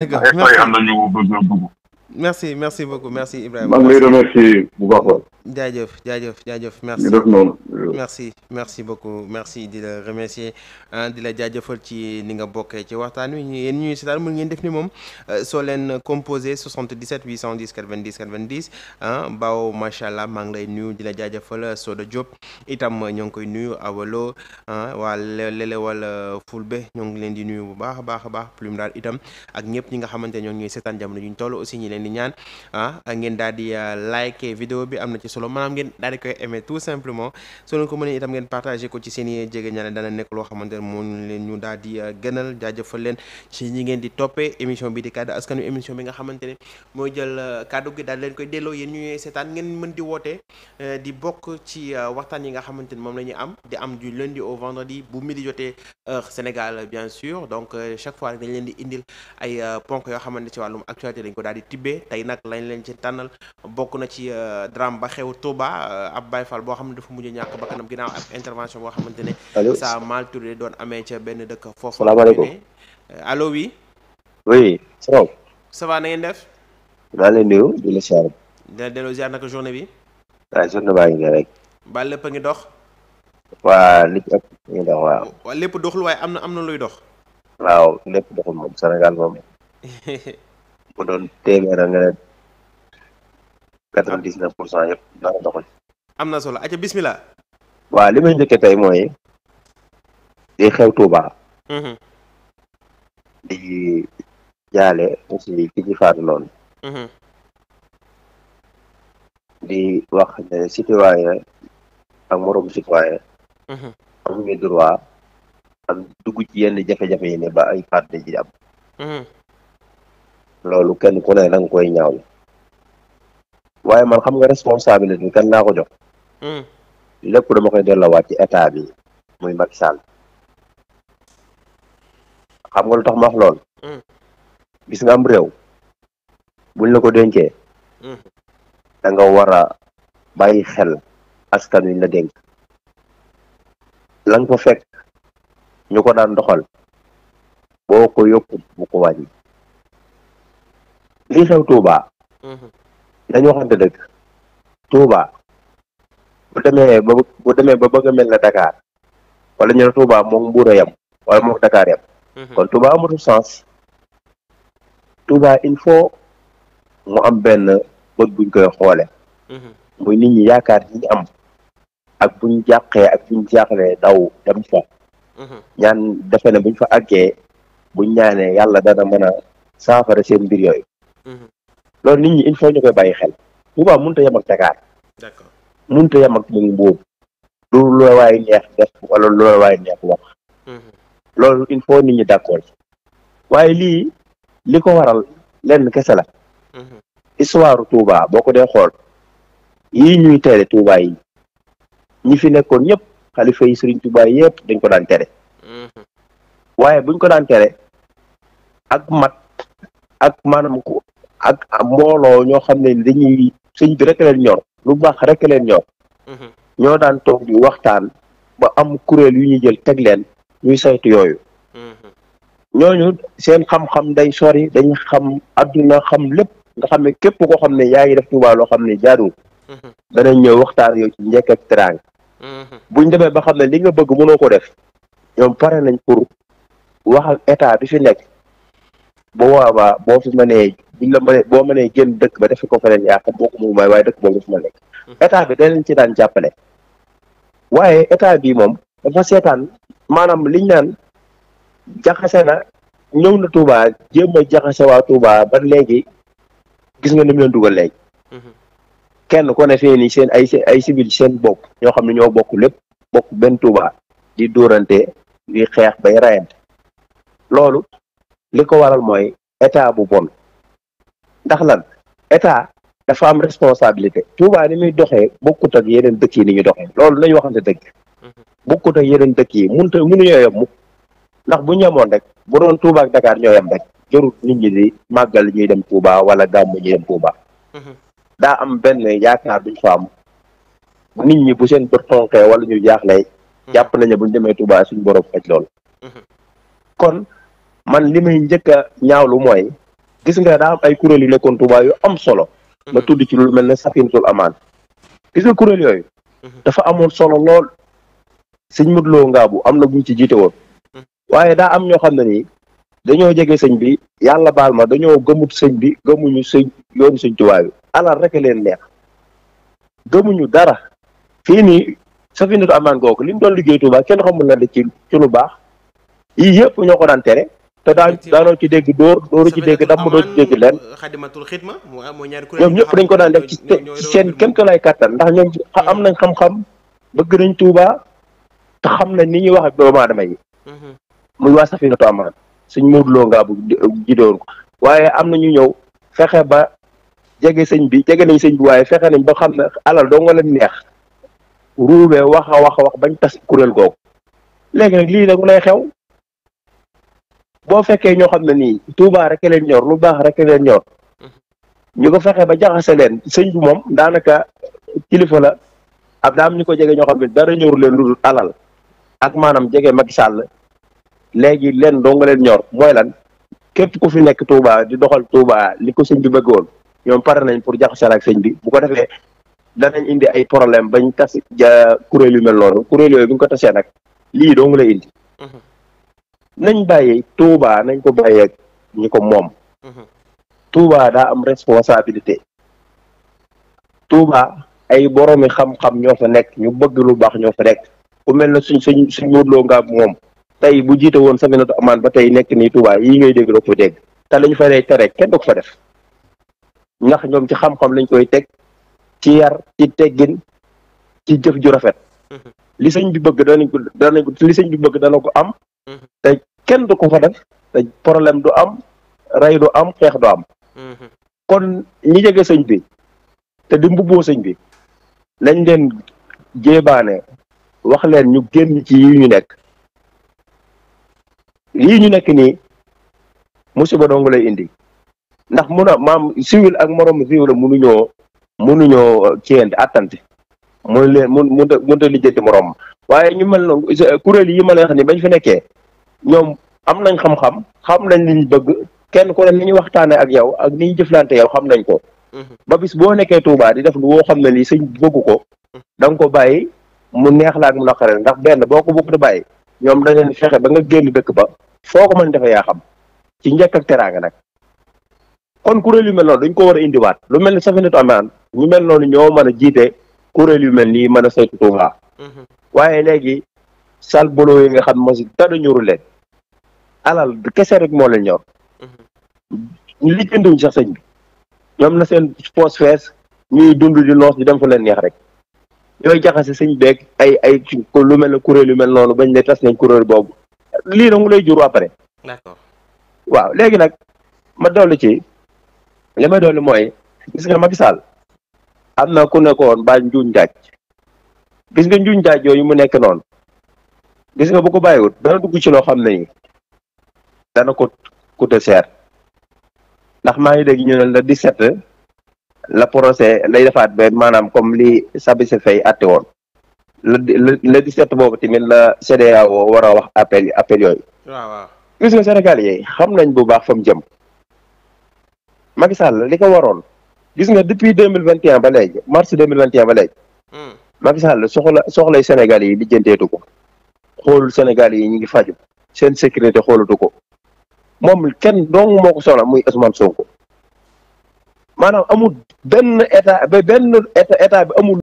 dëgg la merci am na ñu bëgg a dugg. merci merci beaucoup merci Ibrahima maa ngi lay remercier bu baax jaajëf jaajëf jaajëf merci def euh, merci merci beaucoup merci di la remercier euh, la jaajëfal ci ni nga bokkee ci waxtaan wi yéen ñuy si daal mën ngeen def ni moom euh, soo leen composé 77 810 90 90 ah Bao macha allah maa ngi lay nuyu di la jaajëfal Soda Diop itam ñoo ngi koy nuyu Awalo ah waa Lele wala Fulbe ngi leen di nuyu bu baax a baax a baax Plume daal itam ak ñëpp ñi nga xamante ñoo ngi ñuy seetaan jamono ñu toll aussi ñi leen leen di ñaan ah ngeen daal di euh, like vidéo bi am na ci solo maanaam ngeen daal di koy aimer tout simplement soo leen ko mënee itam i jege ñaale dana nekk loo xamante ne moo ñu daal di euh, gënal jaajëfal leen ci ñi ngeen di toppee émission bi di kaddu askan wi émission bi nga xamante ne mooy jël euh, kaddu gi daal leen koy delloo yéen ñu seetaan ngeen mën di woote di bokk ci waxtaan yi nga xamante ni moom la ñuy am di am du lundi au vendredi bu midi jotee heure Sénégal bien sûr donc chaque fois dañ leen di indil ay ponk yoo xamante ci wàllum actualité ubbee tey nag lañ leen ci tànnal bokk na ci euh, drame ba xew Touba euh, ab Baye Fall boo xam ne dafa mujj ñàkk bakkanam ginnaaw ak intervention boo xamante ne sa mal touré doon amee ca benn dëkk foofu salaamaaleykum euh, allo oui oui ça va ça va leen di la siyaar da bi waaw ah, journée baa rek ba lépp a ngi dox waa lépp doxul waaye am na am na luy dox waaw lépp doxul moom Sénégal moom bu doon téeméer nga ne quatre-vingt-dix-neuf pour cent yëpp dara doxul. am na solo aca bismillah waaw li may njëkkee tey mooy di xew Touba. Mhm. di jaale aussi ki ci faatu noonu. Mhm. di wax ne citoyen ak moroom citoyen mhm. amuñu droit am dugg ci yenn jafe-jafe yi ne ba ay faat ji am. loolu kenn ku ne da koy ñaawlu waaye man xam nga responsabilité bi kan laa ko jox hmm. lépp dama koy delloowaat ci état bi muy Macky Sall xam nga lu tax ma wax lool hmm. gis am réew buñ la ko dénkee hmm. da nga war a bàyyi xel askan wi la dénk la nga fekk ñu ko daan doxal boo ko yokku bu ko wàññi li xew Touba. dañoo mhm. waxante dëgg Touba bu demee bu demee ba bëgg mel na Dakar wala ñu ne Touba moom Mbuur a yem wala moom Dakar yem. Mhm. kon Touba amatul sens. Touba il faut mu am benn bët buñ koy xoole mhm. muy nit ñi yaakaar yi ñu am ak buñ jàqee ak buñ jaaxlee daw dem fa. buñ fa aggee buñ ñaanee yàlla dana mën saafara seen mbir yooyu. Mm-hmm. loolu nit ñi il ñu koy bàyyi xel Touba mënut a yem ak Dakar mënut a yem ak moom boobu lu loo waay neex def lu loo waay neex wax mm-hmm. loolu il faut nit ñi d'accord waaye lii li ko waral lenn kese la mm-hmm. histoire Touba boo ko dee xool yi ñuy tere Touba yi ñi fi nekkoon ñëpp xalifa yi Sëriñ Touba yëpp dañ ko daan tere waaye buñ ko daan tere ak mat ak maanaam ku ak mbooloo ñoo xam ne dañuy sëñ bi rek leen ñor lu baax rek leen ñor mhm. ñoo daan toog di waxtaan ba am kuréel yu ñu jël teg leen ñuy saytu yooyu mhm. ñooñu seen xam-xam day sori dañ xam adduna xam lépp nga xam ne képp koo xam ne yaa ngi def Tuubaa loo xam ne jaadul mhm. danañ ñëw waxtaan yow ci njëkk ak teraanga buñ demee ba xam ne li nga bëgg mënoo ko def ñoom pare nañ pour wax ak état bi fi nekk bu boobaa boo fi mënee buñ la mënee boo mënee génn dëkk ba defi ko feneen yaa xam boo ko moom may waaye dëkk boobu dafa ma nekk hmm. état bi da leen ci daan jàppale waaye état bi moom dafa seetaan maanam liñ naan jaxase na ñëw na Touba jéem a jaxase waa Touba ba léegi gis nga ni mu leen dugal léegi hmm. kenn ku ne fii seen ay ay civil seen bokk ñoo xam ne ñoo bokk lépp bokk benn Touba di dóorante di xeex bay rayante loolu li ko waral mooy état bu bon ndax lan état dafa am responsabilité Touba ni muy doxee bokkut ak yeneen dëkk yi ni ñu doxee loolu nañu waxante dëgg bokkut ak yeneen dëkk yi munta mënuñoo yem mukk ndax bu ñamoon rek bu roon Touba ak Dakar ñoo yem rek jarut nit ñi di màggal ñuy dem Touba wala gàmmu ñuy dem Touba mhm. daa am benn yaakaar duñ fa am nit ñi bu seen bët xonqee wala ñu jaaxle mhm. jàpp nañu buñ demee Touba suñ borom faj mhm. kon man li may njëkk a ñaawlu mooy gis nga daa am ay kuréel yu nekkoon Touba am solo. Mhm. ma tudd ci lu mel ne Safinatul Amaan gis nga kuréel yooyu. Mhm. dafa amoon solo lool. sëñ Modou Lo Ngabou am na buñ ci jiite woon. Mhm. waaye daa am ñoo xam ne nii dañoo jege sëñ bi yàlla baal ma dañoo gëmut sëñ bi gëmuñu sëñ yoonu sëñ Touba alal rek leen neex gëmuñu dara fii nii Safinatul Amaan googu li mu doon liggéey Touba kenn xamul na de ci ci lu baax yii yëpp ñoo ko daan tere. te daa daanoo ci dégg dóor dóoru ci dégg damm doo ci dégg leen ñoom ñëpp dañ ko daan def ci seen kéem tolluwaay kàttan ndax ñoom am nañ xam-xam bëgg nañ Touba te xam nañ ni ñuy wax ak doomu aadama yi mm-hmm. muy waa Safinatu Amaan suñ muurloo ngaa bu jidoon ko waaye am na ñu ñëw fexe ba jege sëñ bi jege nañ sëñ bi waaye fexe nañ ba xam ne alal doo nga leen neex ruubee wax a wax a wax bañ tas kuréel googu léegi nag lii nag lay xew boo fekkee ñoo xam ne nii Touba rek leen ñor lu baax rek leen ñor mhm. ñu ko fexe ba jaxase leen sëñ bi moom daanaka kilifa la ab daa am ñu ko jegee ñoo xam ne dara ñoru leen lu dul alal ak maanaam jege Macky Sall léegi leen dong leen ñor mooy lan képp ku fi nekk Touba di doxal Touba ni ko sëñ bi bëggoon ñoom pare nañ pour jaxasal ak sëñ bi bu ko defee danañ indi ay problème bañ tas ja kuréel yu mel noonu kuréel yooyu bu ñu ko tasee nag lii dong lay indi. Mhm. nañ bàyyee Touba nañ ko bàyyeeg ñi ko moom. Mhm. Touba daa am responsabilité. Touba ay boroomi xam-xam ñoo fa nekk ñu bëgg lu baax ñoo fa nekk ku mel na suñ suñ suñ wóorloo nga moom tey bu jiite woon Safinatoul Amane ba tey nekk nii Touba yii ngay dégg doo ko dégg te lañu fa lay tere kenn du ko fa def ndax ñoom ci xam-xam lañ koy teg ci yar ci teggin ci jëf ju rafet. Mhm. li sëñ bi bëgg danañ ko danañ ko li sëñ bi bëgg dana ko am. Mhm. kenn du ko fa def te problème du am rey du am xeex du am. Mm-hmm. kon ñi jege sëñ bi te di mbubboo sëñ bi lañ leen jéebaane wax leen ñu génn ci yi ñu nekk lii ñu nekk nii musiba dong lay indi ndax mun a maam siwil ak morom siwil munuñoo munuñoo ceend attante mun leen mun mun a lijjanti moroom waaye ñu mel ne kuréel yi ma lay wax ni bañ fi nekkee ñoom am nañ xam-xam xam nañ li ñu bëgg kenn ku ne ni ñu waxtaanee ak yow ak ni ñu jëflante yow xam nañ ko. Mhm. ba bis boo nekkee Touba di def lu woo xam ne lii sañ bëgg ko. Mhm. da nga ko bàyyi mu neex la ak mu naqare ndax benn boo ko bëgg di bàyyi ñoom dañ leen fexe ba nga génn dëkk ba foo ko mën defee yaa xam ci njekk ak teraanga nag. kon kuréel yu mel noonu dañ ko war a indiwaat lu mel ni Safinatoul Amane ñu mel noonu ñoo mën a jiite kuréel yu mel nii mën a saytu Touba mhm. waaye sal bolo yi nga xam moo si dara ñoru leen alal kese rek moo leen ñor mhm. li jënduñ sax sañ bi ñoom na seen poos fees ñuy dund di noos di dem fu leen neex rek ñooy jaxase sëñ beeg ay ay lu mel ne kuréel yu mel noonu bañ ne tas nañ kuréel boobu lii nag lay jur après. d'accord waaw léegi nag ma dolli ci li ma dolli mooy gis nga Macky Sall am na ku nekkoon baa njuuñ njaaj gis nga njuuñ njaaj yooyu mu nekk noonu gis nga bu ko bàyyiwut dana dugg ci loo xam ne dana ko coûter cher ndax maa ngi dégg ñu ne la 17 la procès lay defaat ba maanaam comme li Sabise Faye àtte woon le le set boobu tamit la CEDEAO war a wax appel appel yooyu. waaw waaw gis nga Sénégal yi xam nañ bu baax fa jëm. Macky Sall li ko waroon gis nga depuis deux mille vingt et ba léegi mars deux mille vingt et un ba léegi. Hmm. Macky Sall soxla soxlay Sénégal yi lijjanteetu ko. xoolul Sénégal yi ñu ngi faju seen sécurité xoolatu ko moom kenn dong moo ko soxla muy Ousmane Sonko maanaam amul benn état ba benn état bi amul